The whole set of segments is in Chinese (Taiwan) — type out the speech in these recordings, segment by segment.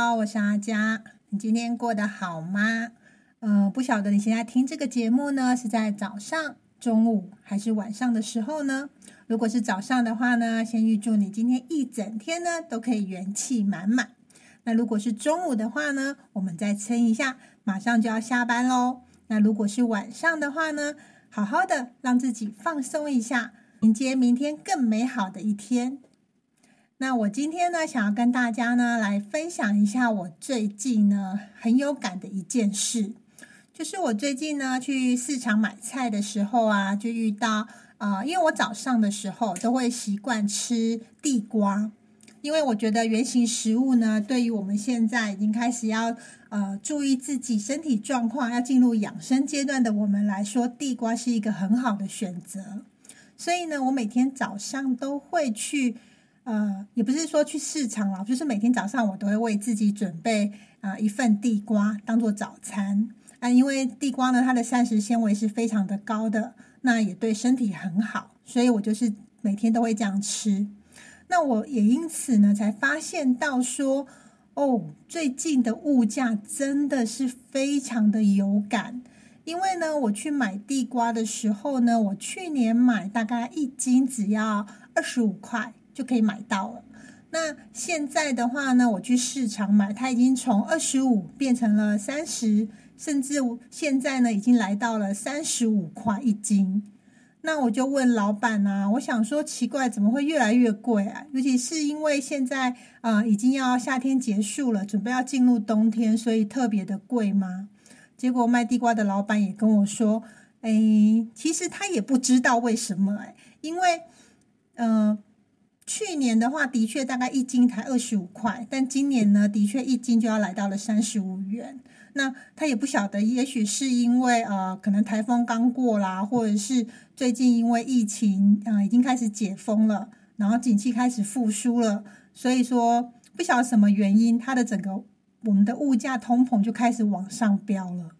好，我是阿佳。你今天過得好嗎？嗯、呃，不曉得你現在聽這個節目呢，是在早上、中午還是晚上的時候呢？如果是早上的話呢，先預祝你今天一整天呢都可以元氣滿滿。那如果是中午的話呢，我們再撐一下，馬上就要下班嘍。那如果是晚上的話呢，好好的讓自己放鬆一下，迎接明天更美好的一天。那我今天呢，想要跟大家呢來分享一下我最近呢很有感的一件事，就是我最近呢去市場買菜的時候啊，就遇到啊、呃，因為我早上的時候都會習慣吃地瓜，因為我覺得原型食物呢，對於我們現在已經開始要呃注意自己身體狀況、要進入養生階段的我們來說，地瓜是一個很好的選擇，所以呢，我每天早上都會去。呃，也不是說去市場了，就是每天早上我都會為自己準備啊、呃、一份地瓜當做早餐啊。因為地瓜呢，它的膳食纖維是非常的高的，那也對身體很好，所以我就是每天都會這樣吃。那我也因此呢，才發現到說，哦，最近的物價真的是非常的有感。因為呢，我去買地瓜的時候呢，我去年買大概一斤只要二十五塊。就可以買到了。那現在的話呢，我去市場買，它已經從二十五變成了三十，甚至現在呢，已經來到了三十五塊一斤。那我就問老闆啊，我想說奇怪，怎麼會越來越貴啊？尤其是因為現在啊、呃，已經要夏天結束了，準備要進入冬天，所以特別的貴嗎？結果賣地瓜的老闆也跟我說：“哎、欸，其實他也不知道為什麼誒、欸，因為嗯。呃”去年的話，的確大概一斤才二十五塊，但今年呢，的確一斤就要來到了三十五元。那他也不曉得，也許是因為呃，可能台風剛過啦，或者是最近因為疫情，啊、呃，已經開始解封了，然後景氣開始復甦了，所以說不曉得什麼原因，它的整個我們的物價通膨就開始往上飆了。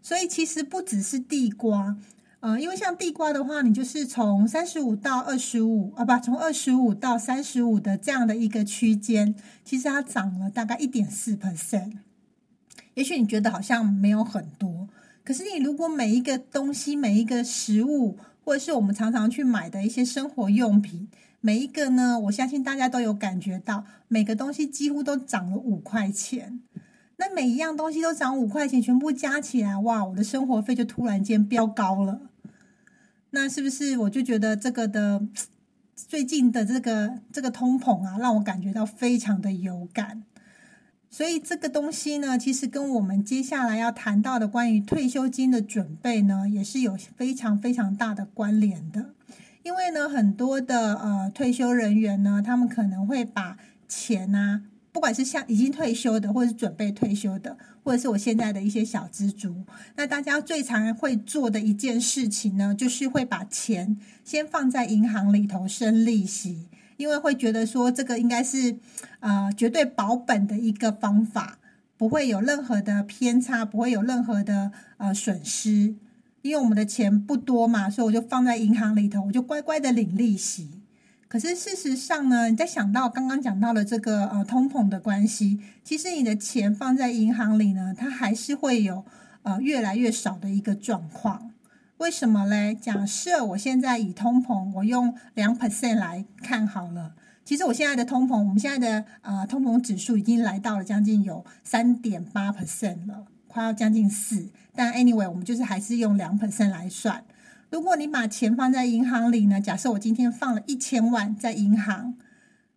所以其實不只是地瓜。呃、嗯，因為像地瓜的話，你就是從三十五到二十五，啊不，從二十五到三十五的這樣的一個區間，其實它漲了大概一點四 percent。也許你覺得好像沒有很多，可是你如果每一個東西、每一個食物，或者是我們常常去買的一些生活用品，每一個呢，我相信大家都有感覺到，每個東西幾乎都漲了五塊錢。那每一樣東西都漲五塊錢，全部加起來，哇，我的生活費就突然間飆高了。那是不是我就覺得這個的最近的這個這個通膨啊，讓我感覺到非常的有感。所以這個東西呢，其實跟我們接下來要談到的關於退休金的準備呢，也是有非常非常大的關聯的。因為呢，很多的呃退休人員呢，他們可能會把錢啊。不管是像已經退休的，或者是準備退休的，或者是我現在的一些小資族，那大家最常會做的一件事情呢，就是會把錢先放在銀行裡頭生利息，因為會覺得說這個應該是，呃，絕對保本的一個方法，不會有任何的偏差，不會有任何的呃損失，因為我們的錢不多嘛，所以我就放在銀行裡頭，我就乖乖的領利息。可是事實上呢，你再想到剛剛講到的這個呃通膨的關係，其實你的錢放在銀行裡呢，它還是會有呃越來越少的一個狀況。為什麼嘞？假設我現在以通膨，我用兩 percent 來看好了。其實我現在的通膨，我們現在的呃通膨指數已經來到了將近有三點八 percent 了，快要將近四。但 anyway，我們就是還是用兩 percent 來算。如果你把錢放在銀行裡呢？假設我今天放了一千萬在銀行，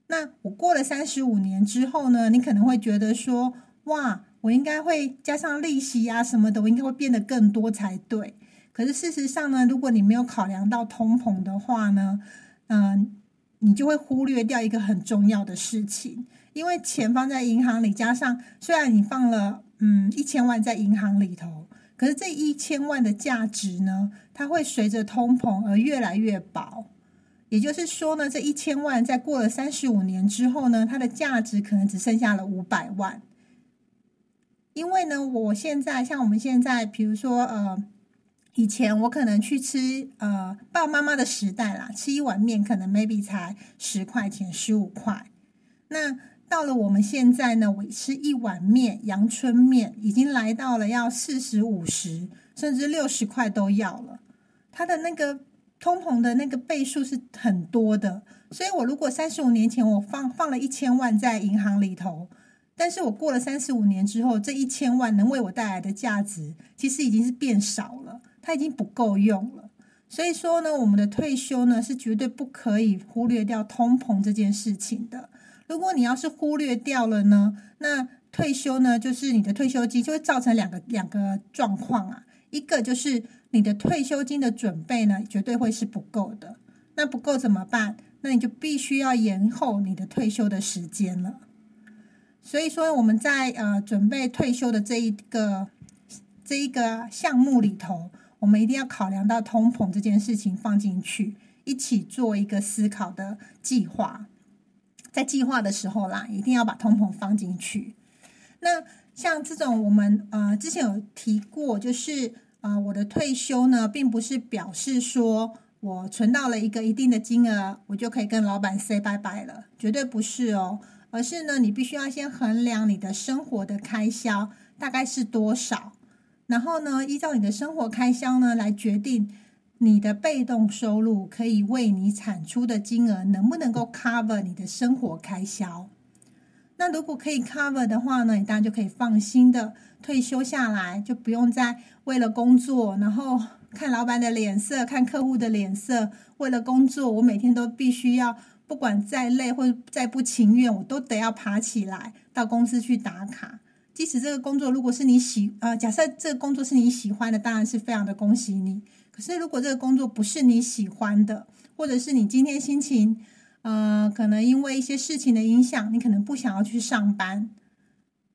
那我過了三十五年之後呢？你可能會覺得說，哇，我應該會加上利息啊，什麼的，我應該會變得更多才對。可是事實上呢，如果你沒有考量到通膨的話呢，嗯、呃，你就會忽略掉一個很重要的事情，因為錢放在銀行裡，加上雖然你放了嗯一千萬在銀行裡頭。可是這一千萬的價值呢，它會隨着通膨而越來越薄。也就是說呢，這一千萬在過了三十五年之後呢，它的價值可能只剩下了五百萬。因為呢，我現在像我們現在，比如說呃，以前我可能去吃呃，爸媽媽的時代啦，吃一碗面可能 maybe 才十塊錢、十五塊，那。到了我們現在呢，我吃一碗麵，陽春麵已經來到了要四十五十甚至六十塊都要了。它的那個通膨的那個倍數是很多的，所以我如果三十五年前我放放了一千萬在銀行裡頭，但是我過了三十五年之後，這一千萬能為我帶來的價值其實已經是變少了，它已經不夠用了。所以說呢，我們的退休呢是絕對不可以忽略掉通膨這件事情的。如果你要是忽略掉了呢，那退休呢，就是你的退休金就會造成兩個兩個狀況啊。一個就是你的退休金的準備呢，絕對會是不夠的。那不夠怎麼辦？那你就必須要延後你的退休的時間了。所以說，我們在呃準備退休的這一個這一個項目裡頭，我們一定要考量到通膨這件事情放進去，一起做一個思考的計劃。在計劃的時候啦，一定要把通膨放進去。那像這種，我們呃之前有提過，就是啊、呃、我的退休呢，並不是表示說我存到了一個一定的金額，我就可以跟老板 say 拜拜了，絕對不是哦。而是呢，你必須要先衡量你的生活的開銷大概是多少，然後呢，依照你的生活開銷呢來決定。你的被動收入可以為你產出的金額能不能夠 cover 你的生活開銷？那如果可以 cover 的話呢，你當然就可以放心的退休下來，就不用再為了工作，然後看老板的臉色，看客戶的臉色。為了工作，我每天都必須要不管再累或者再不情願，我都得要爬起來到公司去打卡。即使這個工作如果是你喜啊、呃，假設這個工作是你喜歡的，當然是非常的恭喜你。可是，如果這個工作不是你喜歡的，或者是你今天心情，呃，可能因為一些事情的影響，你可能不想要去上班，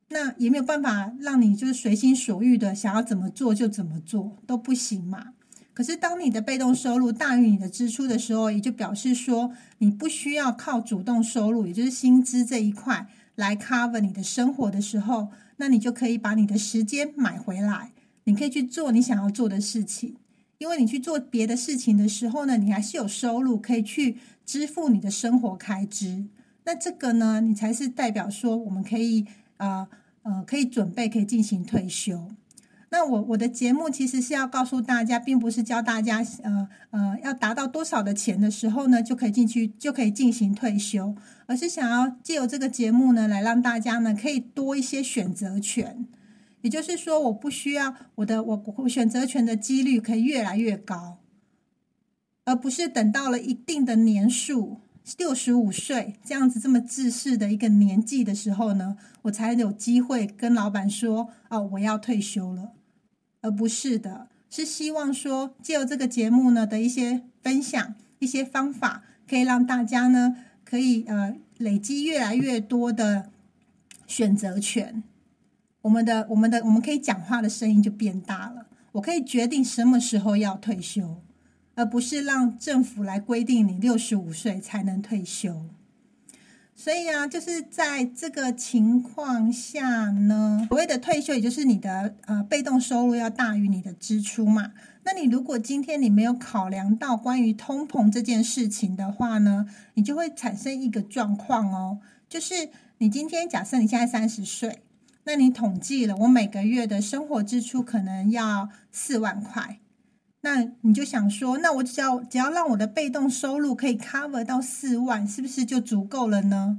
那也沒有辦法讓你就是隨心所欲的想要怎麼做就怎麼做，都不行嘛。可是，當你的被動收入大於你的支出的時候，也就表示說你不需要靠主動收入，也就是薪資這一塊來 cover 你的生活的時候，那你就可以把你的時間買回來，你可以去做你想要做的事情。因為你去做別的事情的時候呢，你還是有收入可以去支付你的生活開支。那這個呢，你才是代表說我們可以啊，呃，呃可以準備可以進行退休。那我我的節目其實是要告訴大家，並不是教大家呃呃要達到多少的錢的時候呢就可以進去就可以進行退休，而是想要借由這個節目呢來讓大家呢可以多一些選擇權。也就是說，我不需要我的我選擇權的幾率可以越來越高，而不是等到了一定的年數，六十五歲這樣子這麼制式的一個年紀的時候呢，我才有機會跟老闆說哦，我要退休了。而不是的，是希望說借由這個節目呢的一些分享，一些方法，可以讓大家呢可以呃累積越來越多的選擇權。我們的我們的我們可以講話的聲音就變大了。我可以決定什麼時候要退休，而不是讓政府來規定你六十五歲才能退休。所以啊，就是在這個情況下呢，所謂的退休，也就是你的呃被動收入要大於你的支出嘛。那你如果今天你沒有考量到關於通膨這件事情的話呢，你就會產生一個狀況哦，就是你今天假設你現在三十歲。那你統計了，我每個月的生活支出可能要四萬塊，那你就想說，那我只要只要讓我的被動收入可以 cover 到四萬，是不是就足夠了呢？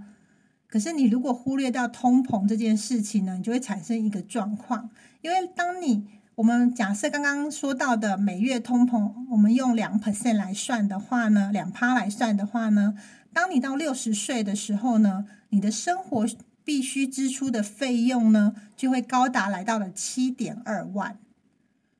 可是你如果忽略掉通膨這件事情呢，你就會產生一個狀況，因為當你我們假設剛剛說到的每月通膨，我們用兩 percent 來算的話呢，兩趴來算的話呢，當你到六十歲的時候呢，你的生活。必須支出的費用呢，就會高達來到了七點二萬，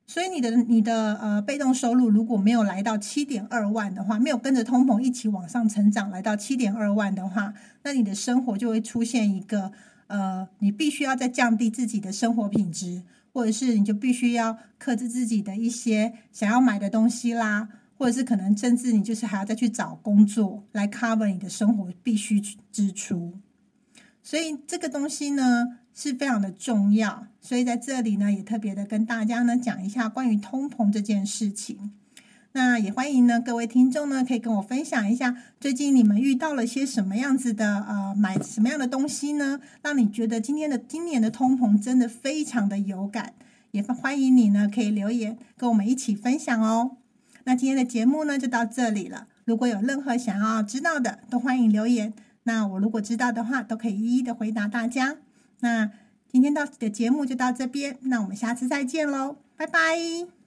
所以你的你的呃被動收入如果沒有來到七點二萬的話，沒有跟着通膨一起往上成長，來到七點二萬的話，那你的生活就會出現一個呃，你必須要再降低自己的生活品質，或者是你就必須要克制自己的一些想要買的東西啦，或者是可能甚至你就是還要再去找工作來 cover 你的生活必須支出。所以這個東西呢是非常的重要，所以在這裡呢也特別的跟大家呢講一下關於通膨這件事情。那也歡迎呢各位聽眾呢可以跟我分享一下最近你們遇到了些什麼樣子的呃買什麼樣的東西呢，讓你覺得今天的今年的通膨真的非常的有感。也歡迎你呢可以留言跟我們一起分享哦。那今天的節目呢就到這裡了，如果有任何想要知道的，都歡迎留言。那我如果知道的話，都可以一一的回答大家。那今天的節目就到這邊，那我們下次再見嘍，拜拜。